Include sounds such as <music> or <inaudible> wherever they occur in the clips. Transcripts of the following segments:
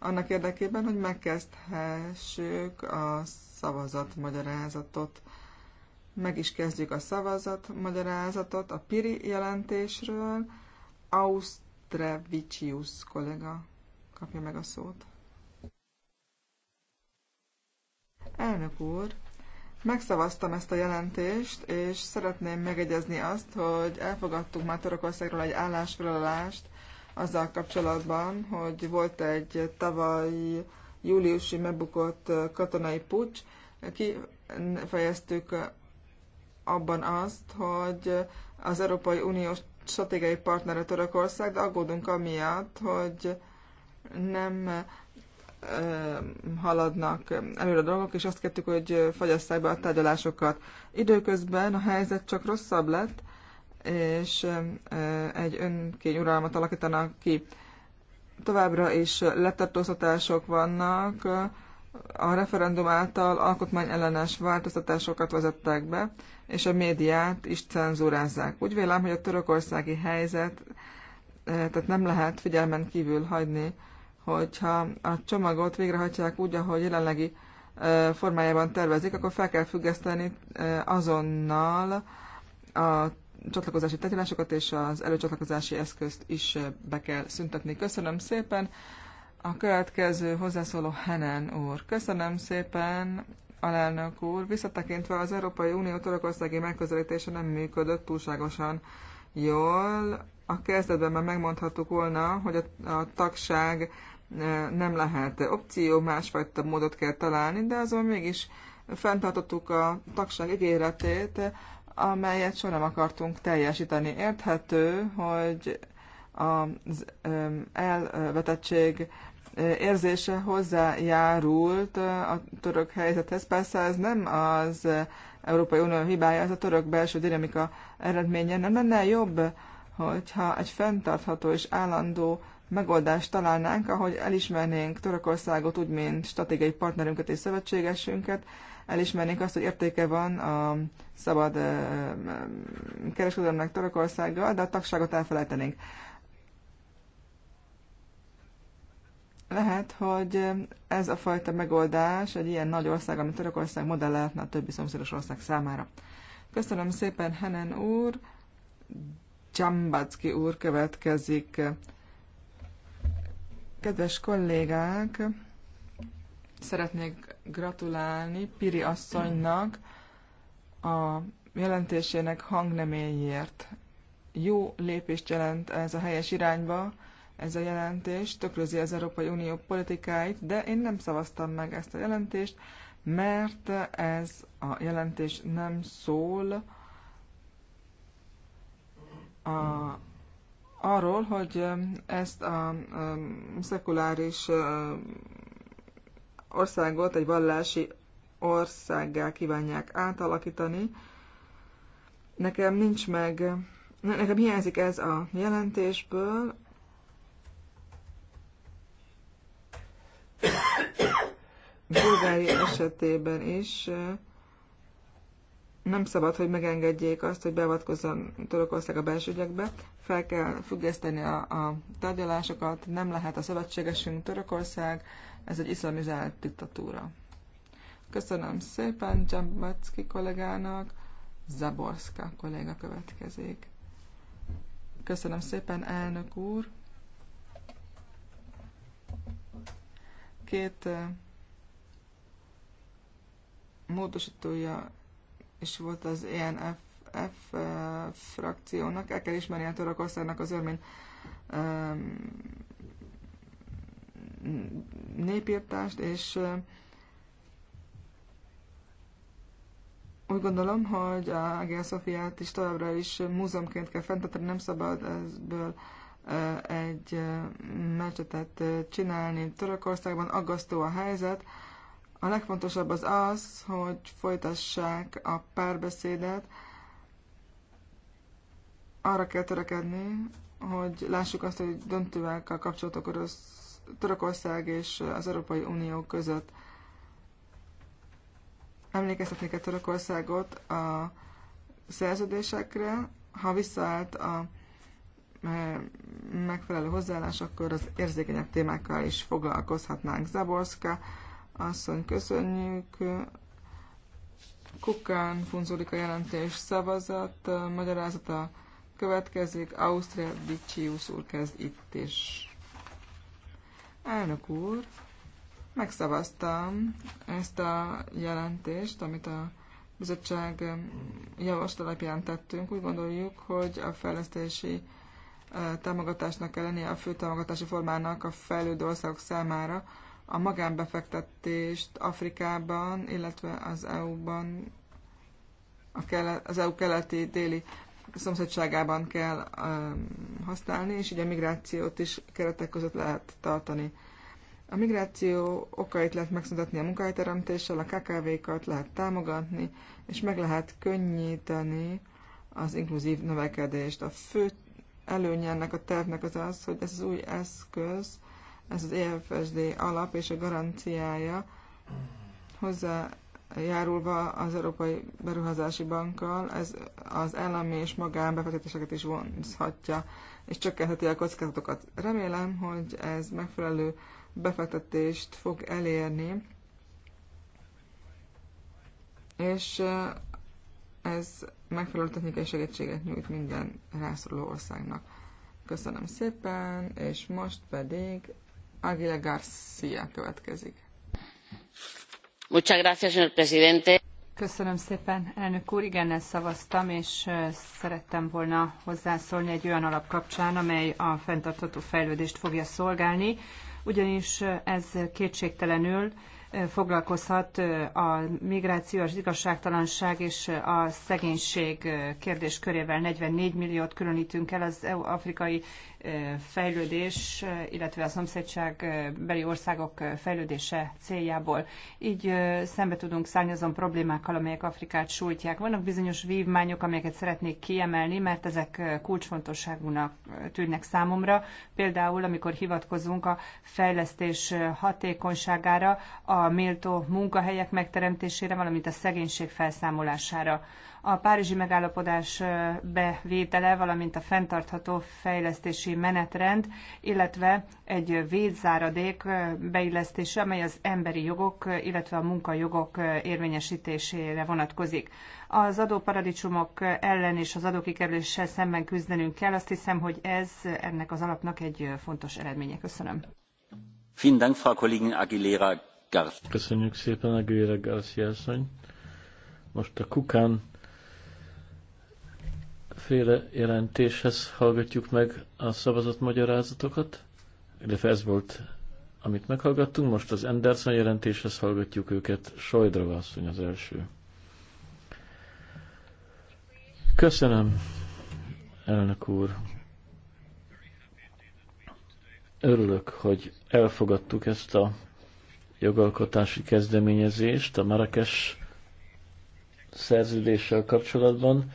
annak érdekében, hogy megkezdhessük a szavazatmagyarázatot. Meg is kezdjük a szavazatmagyarázatot a Piri jelentésről. Austrevicius kollega kapja meg a szót. Elnök úr, megszavaztam ezt a jelentést, és szeretném megegyezni azt, hogy elfogadtuk már Törökországról egy állásfoglalást, azzal kapcsolatban, hogy volt egy tavaly júliusi megbukott katonai pucs, kifejeztük abban azt, hogy az Európai Unió stratégiai partnere Törökország, de aggódunk amiatt, hogy nem haladnak előre a dolgok, és azt kértük, hogy fagyasszák be a tárgyalásokat. Időközben a helyzet csak rosszabb lett, és egy önkény uralmat alakítanak ki. Továbbra is letartóztatások vannak, a referendum által alkotmányellenes változtatásokat vezettek be, és a médiát is cenzúrázzák. Úgy vélem, hogy a törökországi helyzet, tehát nem lehet figyelmen kívül hagyni, hogyha a csomagot végrehajtják úgy, ahogy jelenlegi formájában tervezik, akkor fel kell függeszteni azonnal a csatlakozási tárgyalásokat és az előcsatlakozási eszközt is be kell szüntetni. Köszönöm szépen. A következő hozzászóló Henen úr. Köszönöm szépen, alelnök úr. Visszatekintve az Európai Unió törökországi megközelítése nem működött túlságosan jól. A kezdetben már megmondhattuk volna, hogy a, a tagság e, nem lehet opció, másfajta módot kell találni, de azon mégis fenntartottuk a tagság ígéretét, amelyet soha nem akartunk teljesíteni. Érthető, hogy az elvetettség érzése hozzájárult a török helyzethez. Persze ez nem az Európai Unió hibája, ez a török belső dinamika eredménye. Nem lenne jobb, hogyha egy fenntartható és állandó megoldást találnánk, ahogy elismernénk Törökországot úgy, mint stratégiai partnerünket és szövetségesünket, elismernénk azt, hogy értéke van a szabad kereskedelemnek Törökországgal, de a tagságot elfelejtenénk. Lehet, hogy ez a fajta megoldás egy ilyen nagy ország, ami Törökország modell lehetne a többi szomszédos ország számára. Köszönöm szépen, Henen úr. Csambacki úr következik. Kedves kollégák, szeretnék gratulálni Piri asszonynak a jelentésének hangneméjéért. Jó lépést jelent ez a helyes irányba, ez a jelentés tökrözi az Európai Unió politikáit, de én nem szavaztam meg ezt a jelentést, mert ez a jelentés nem szól a, arról, hogy ezt a, a szekuláris országot egy vallási országgá kívánják átalakítani. Nekem nincs meg, nekem hiányzik ez a jelentésből. <coughs> Bulgári esetében is nem szabad, hogy megengedjék azt, hogy beavatkozzon Törökország a belső ügyekbe. Fel kell függeszteni a, a tárgyalásokat, nem lehet a szövetségesünk Törökország, ez egy iszlamizált diktatúra. Köszönöm szépen Dzsambacki kollégának, Zaborska kolléga következik. Köszönöm szépen, elnök úr. Két eh, módosítója és volt az ENFF F frakciónak, el kell ismerni a Törökországnak az örmény népírtást, és úgy gondolom, hogy a Hagia Szofiát is továbbra is múzeumként kell fenntartani, nem szabad ebből egy mecsetet csinálni. Törökországban aggasztó a helyzet, a legfontosabb az az, hogy folytassák a párbeszédet. Arra kell törekedni, hogy lássuk azt, hogy döntővel a kapcsolatok Törökország és az Európai Unió között. Emlékeztetni kell Törökországot a szerződésekre, ha visszaállt a eh, megfelelő hozzáállás, akkor az érzékenyebb témákkal is foglalkozhatnánk. Zaborska asszony, köszönjük. Kukán funzódik a jelentés szavazat, magyarázata következik, Ausztria Bicsius úr kezd itt is. Elnök úr, megszavaztam ezt a jelentést, amit a bizottság javaslat alapján tettünk. Úgy gondoljuk, hogy a fejlesztési eh, támogatásnak kell lennie a fő támogatási formának a fejlődő országok számára, a magánbefektetést Afrikában, illetve az EU-ban, a kelet, az EU keleti déli szomszédságában kell um, használni, és így a migrációt is keretek között lehet tartani. A migráció okait lehet megszüntetni a munkahelyteremtéssel, a KKV-kat lehet támogatni, és meg lehet könnyíteni az inkluzív növekedést. A fő előnye ennek a tervnek az az, hogy ez az új eszköz ez az EFSD alap és a garanciája hozzájárulva az Európai Beruházási Bankkal, ez az állami és magánbefektetéseket is vonzhatja, és csökkentheti a kockázatokat. Remélem, hogy ez megfelelő befektetést fog elérni, és eh, ez megfelelő technikai segítséget nyújt minden rászoruló országnak. Köszönöm szépen, és most pedig Köszönöm szépen, elnök úr. Igennel szavaztam, és szerettem volna hozzászólni egy olyan alap kapcsán, amely a fenntartható fejlődést fogja szolgálni, ugyanis ez kétségtelenül foglalkozhat a migráció, az igazságtalanság és a szegénység kérdéskörével. 44 milliót különítünk el az afrikai fejlődés, illetve a szomszédság beli országok fejlődése céljából. Így szembe tudunk szállni azon problémákkal, amelyek Afrikát sújtják. Vannak bizonyos vívmányok, amelyeket szeretnék kiemelni, mert ezek kulcsfontosságúnak tűnnek számomra. Például, amikor hivatkozunk a fejlesztés hatékonyságára, a méltó munkahelyek megteremtésére, valamint a szegénység felszámolására a Párizsi megállapodás bevétele, valamint a fenntartható fejlesztési menetrend, illetve egy védzáradék beillesztése, amely az emberi jogok, illetve a munkajogok érvényesítésére vonatkozik. Az adóparadicsomok ellen és az adókikerüléssel szemben küzdenünk kell. Azt hiszem, hogy ez ennek az alapnak egy fontos eredménye. Köszönöm. Köszönjük szépen, Aguilera Garcia asszony. Most a Kukán féle jelentéshez hallgatjuk meg a szavazott magyarázatokat, illetve ez volt, amit meghallgattunk, most az Anderson jelentéshez hallgatjuk őket, Sajdrova asszony az első. Köszönöm, elnök úr. Örülök, hogy elfogadtuk ezt a jogalkotási kezdeményezést a Marrakes szerződéssel kapcsolatban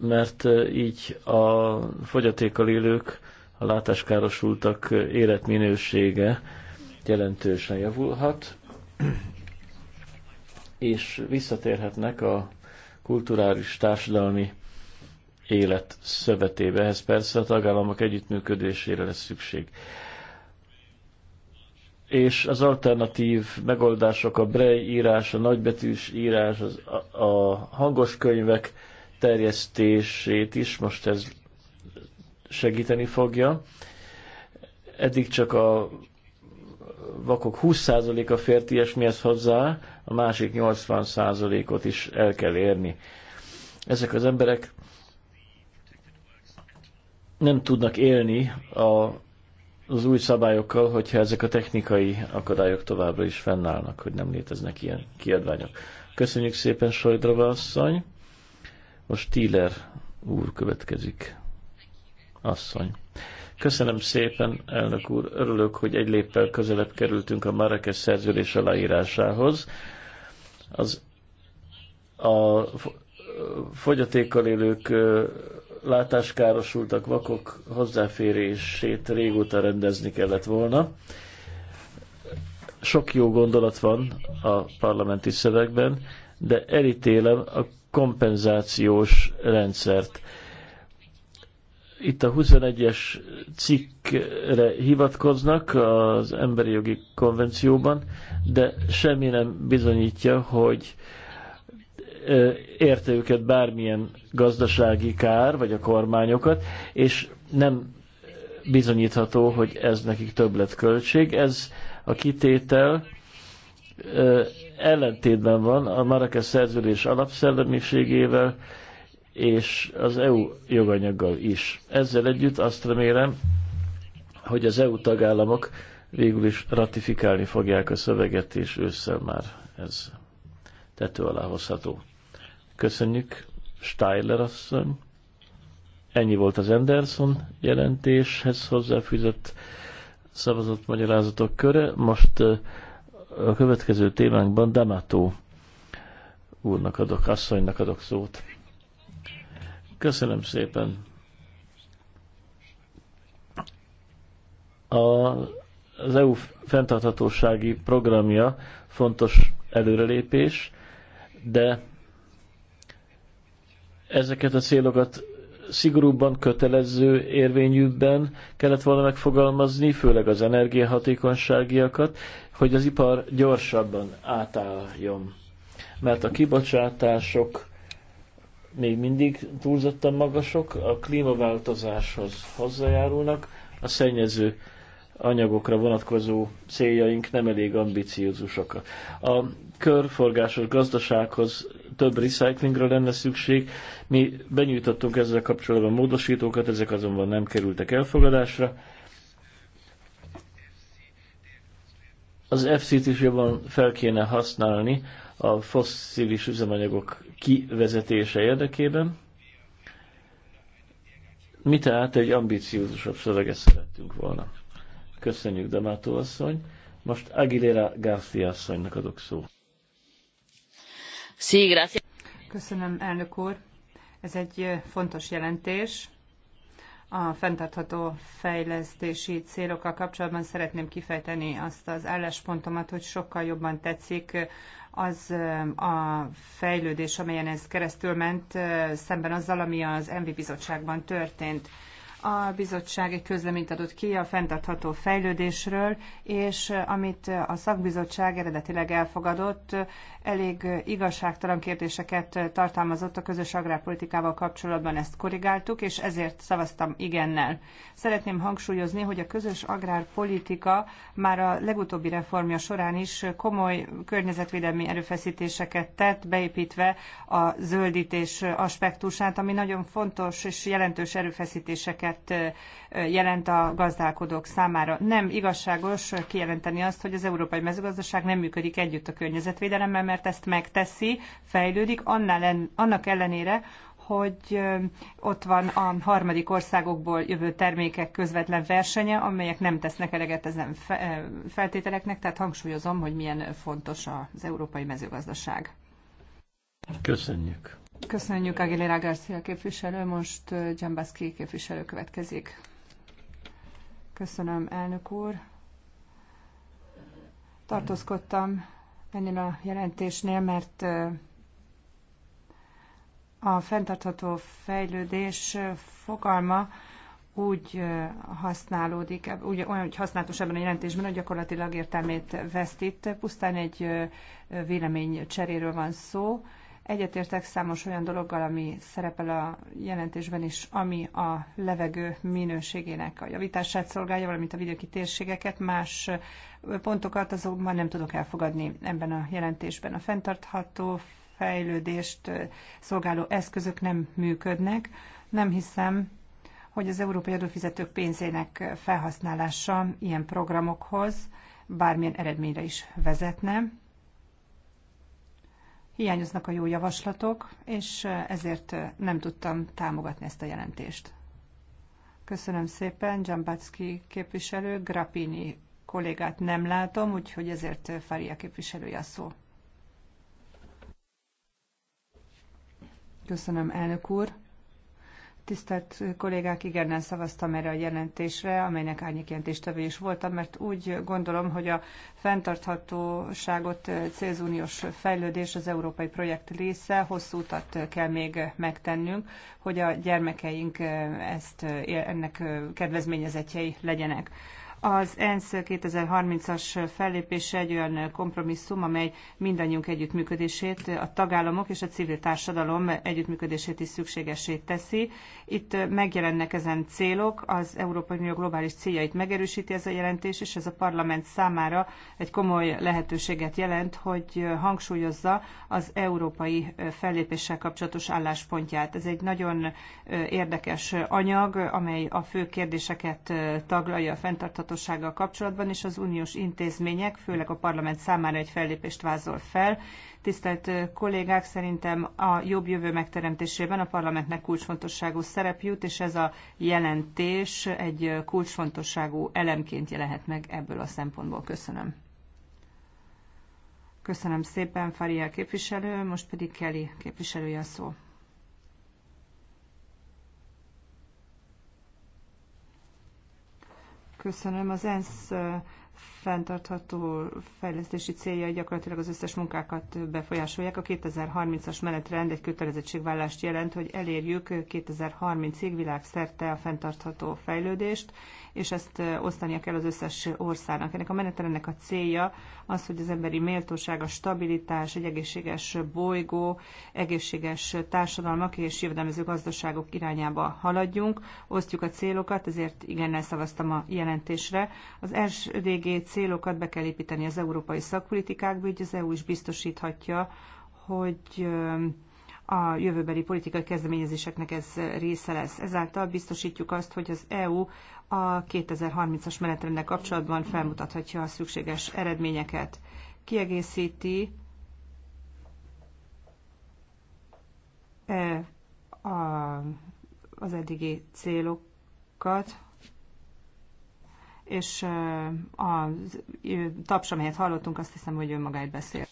mert így a fogyatékkal élők, a látáskárosultak életminősége jelentősen javulhat, és visszatérhetnek a kulturális társadalmi élet szövetébe. Ehhez persze a tagállamok együttműködésére lesz szükség. És az alternatív megoldások, a brej írás, a nagybetűs írás, az, a, a hangos könyvek, terjesztését is most ez segíteni fogja. Eddig csak a vakok 20%-a fért ilyesmihez hozzá, a másik 80%-ot is el kell érni. Ezek az emberek nem tudnak élni a, az új szabályokkal, hogyha ezek a technikai akadályok továbbra is fennállnak, hogy nem léteznek ilyen kiadványok. Köszönjük szépen, Sajdrova asszony! Most Tíler úr következik. Asszony. Köszönöm szépen, elnök úr. Örülök, hogy egy léppel közelebb kerültünk a Marrakes szerződés aláírásához. Az a fogyatékkal élők látáskárosultak vakok hozzáférését régóta rendezni kellett volna. Sok jó gondolat van a parlamenti szövegben, de elítélem a kompenzációs rendszert. Itt a 21-es cikkre hivatkoznak az emberi jogi konvencióban, de semmi nem bizonyítja, hogy érte őket bármilyen gazdasági kár, vagy a kormányokat, és nem bizonyítható, hogy ez nekik többletköltség. Ez a kitétel ellentétben van a Marrakesz szerződés alapszellemiségével és az EU joganyaggal is. Ezzel együtt azt remélem, hogy az EU tagállamok végül is ratifikálni fogják a szöveget, és ősszel már ez tető alá hozható. Köszönjük, Steiler asszony. Ennyi volt az Anderson jelentéshez hozzáfűzött szavazott magyarázatok köre. Most a következő témánkban Damato úrnak adok, asszonynak adok szót. Köszönöm szépen. A, az EU fenntarthatósági programja fontos előrelépés, de ezeket a célokat szigorúbban kötelező érvényűbben kellett volna megfogalmazni, főleg az energiahatékonyságiakat, hogy az ipar gyorsabban átálljon. Mert a kibocsátások még mindig túlzottan magasok, a klímaváltozáshoz hozzájárulnak, a szennyező anyagokra vonatkozó céljaink nem elég ambiciózusok. A körforgásos gazdasághoz több recyclingre lenne szükség. Mi benyújtottunk ezzel kapcsolatban módosítókat, ezek azonban nem kerültek elfogadásra. Az FC-t is jobban fel kéne használni a fosszilis üzemanyagok kivezetése érdekében. Mi tehát egy ambiciózusabb szöveget szerettünk volna. Köszönjük, Damátó asszony. Most Aguilera García asszonynak adok szót. Köszönöm, elnök úr. Ez egy fontos jelentés. A fenntartható fejlesztési célokkal kapcsolatban szeretném kifejteni azt az álláspontomat, hogy sokkal jobban tetszik az a fejlődés, amelyen ez keresztül ment, szemben azzal, ami az MV bizottságban történt. A bizottság egy közleményt adott ki a fenntartható fejlődésről, és eh, amit eh, a szakbizottság eredetileg elfogadott, eh, elég igazságtalan kérdéseket tartalmazott a közös agrárpolitikával kapcsolatban, ezt korrigáltuk, és ezért szavaztam igennel. Szeretném hangsúlyozni, hogy a közös agrárpolitika már a legutóbbi reformja során is komoly környezetvédelmi erőfeszítéseket tett, beépítve a zöldítés aspektusát, ami nagyon fontos és jelentős erőfeszítéseket többletet jelent a gazdálkodók számára. Nem igazságos kijelenteni azt, hogy az európai mezőgazdaság nem működik együtt a környezetvédelemmel, mert ezt megteszi, fejlődik, annál, annak ellenére, hogy ott van a harmadik országokból jövő termékek közvetlen versenye, amelyek nem tesznek eleget ezen feltételeknek, tehát hangsúlyozom, hogy milyen fontos az európai mezőgazdaság. Köszönjük. Köszönjük Aguilera Garcia képviselő, most Dzsambaszki képviselő következik. Köszönöm, elnök úr. Tartózkodtam ennél a jelentésnél, mert a fenntartható fejlődés fogalma úgy használódik, úgy, olyan, hogy használatos ebben a jelentésben, hogy gyakorlatilag értelmét veszít. Pusztán egy vélemény cseréről van szó, Egyetértek számos olyan dologgal, ami szerepel a jelentésben is, ami a levegő minőségének a javítását szolgálja, valamint a vidéki térségeket, más pontokat azonban nem tudok elfogadni ebben a jelentésben. A fenntartható fejlődést szolgáló eszközök nem működnek. Nem hiszem, hogy az európai adófizetők pénzének felhasználása ilyen programokhoz bármilyen eredményre is vezetne Hiányoznak a jó javaslatok, és ezért nem tudtam támogatni ezt a jelentést. Köszönöm szépen, Dzsambacki képviselő, Grappini kollégát nem látom, úgyhogy ezért Faria képviselője a szó. Köszönöm, elnök úr. Tisztelt kollégák, igennel szavaztam erre a jelentésre, amelynek árnyékjelentéstevő is voltam, mert úgy gondolom, hogy a fenntarthatóságot célzuniós fejlődés az európai projekt része, hosszú utat kell még megtennünk, hogy a gyermekeink ezt, ennek kedvezményezetjei legyenek. Az ENSZ 2030-as fellépése egy olyan kompromisszum, amely mindannyiunk együttműködését, a tagállamok és a civil társadalom együttműködését is szükségesé teszi. Itt megjelennek ezen célok, az Európai Unió globális céljait megerősíti ez a jelentés, és ez a parlament számára egy komoly lehetőséget jelent, hogy hangsúlyozza az európai fellépéssel kapcsolatos álláspontját. Ez egy nagyon érdekes anyag, amely a fő kérdéseket taglalja a fenntartható sajátossággal kapcsolatban, és az uniós intézmények, főleg a parlament számára egy fellépést vázol fel. Tisztelt kollégák, szerintem a jobb jövő megteremtésében a parlamentnek kulcsfontosságú szerep jut, és ez a jelentés egy kulcsfontosságú elemként jelenhet meg ebből a szempontból. Köszönöm. Köszönöm szépen, Faria képviselő, most pedig Kelly képviselője a szó. Köszönöm. Az ENSZ fenntartható fejlesztési célja gyakorlatilag az összes munkákat befolyásolják. A 2030-as menetrend egy kötelezettségvállást jelent, hogy elérjük 2030-ig világszerte a fenntartható fejlődést, és ezt osztania kell az összes országnak. Ennek a menetrendnek a célja az, hogy az emberi méltóság, a stabilitás, egy egészséges bolygó, egészséges társadalmak és jövedelmező gazdaságok irányába haladjunk. Osztjuk a célokat, ezért igennel szavaztam a jelentésre. Az első SDG célokat be kell építeni az európai szakpolitikákba, így az EU is biztosíthatja, hogy a jövőbeli politikai kezdeményezéseknek ez része lesz. Ezáltal biztosítjuk azt, hogy az EU a 2030-as menetrendnek kapcsolatban felmutathatja a szükséges eredményeket. Kiegészíti e, az eddigi célokat, és a taps, amelyet hallottunk, azt hiszem, hogy ő magáért beszél.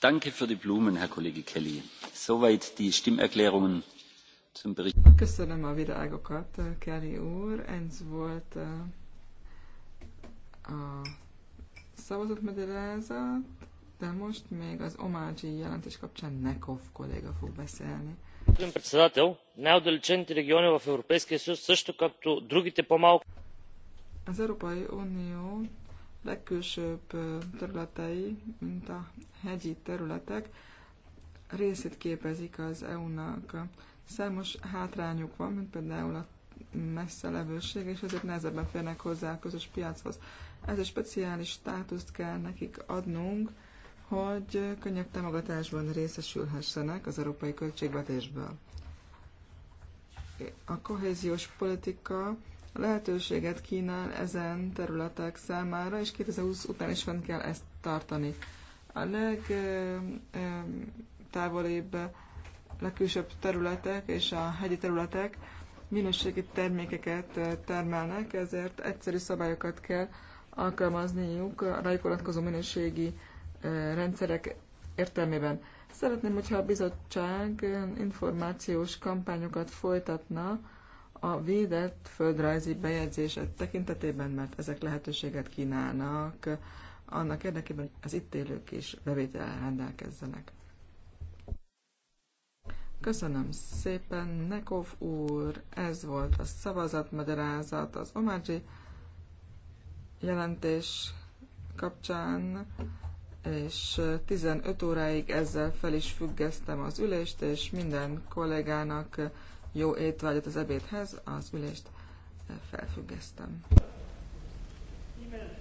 Danke für die Blumen, Herr Kollege Kelly. Soweit die Stimmerklärungen zum Bericht. Köszönöm a virágokat, Kelly úr. Ez volt a szavazott de most még az omágyi jelentés kapcsán Nekov kolléga fog beszélni господин председател най отдалечените региони в европейския съюз също както другите по малко az Európai Unió legkülsőbb területei, mint a hegyi területek, részét képezik az EU-nak. Számos hátrányuk van, mint például a messze levőség, és ezért nehezebben férnek hozzá a közös piachoz. Ez egy speciális státuszt kell nekik adnunk, hogy könnyebb támogatásban részesülhessenek az európai költségvetésből. A kohéziós politika lehetőséget kínál ezen területek számára, és 2020 után is fent kell ezt tartani. A legtávolébb, legkülsőbb területek és a hegyi területek minőségi termékeket termelnek, ezért egyszerű szabályokat kell alkalmazniuk a rájuk vonatkozó minőségi rendszerek értelmében. Szeretném, hogyha a bizottság információs kampányokat folytatna, a védett földrajzi bejegyzések tekintetében, mert ezek lehetőséget kínálnak annak érdekében, hogy az itt élők is bevétellel rendelkezzenek. Köszönöm szépen, Nekov úr, ez volt a szavazatmagyarázat az Omágyi jelentés kapcsán, és 15 óráig ezzel fel is függesztem az ülést, és minden kollégának jó étvágyat az ebédhez, az ülést felfüggesztem. Amen.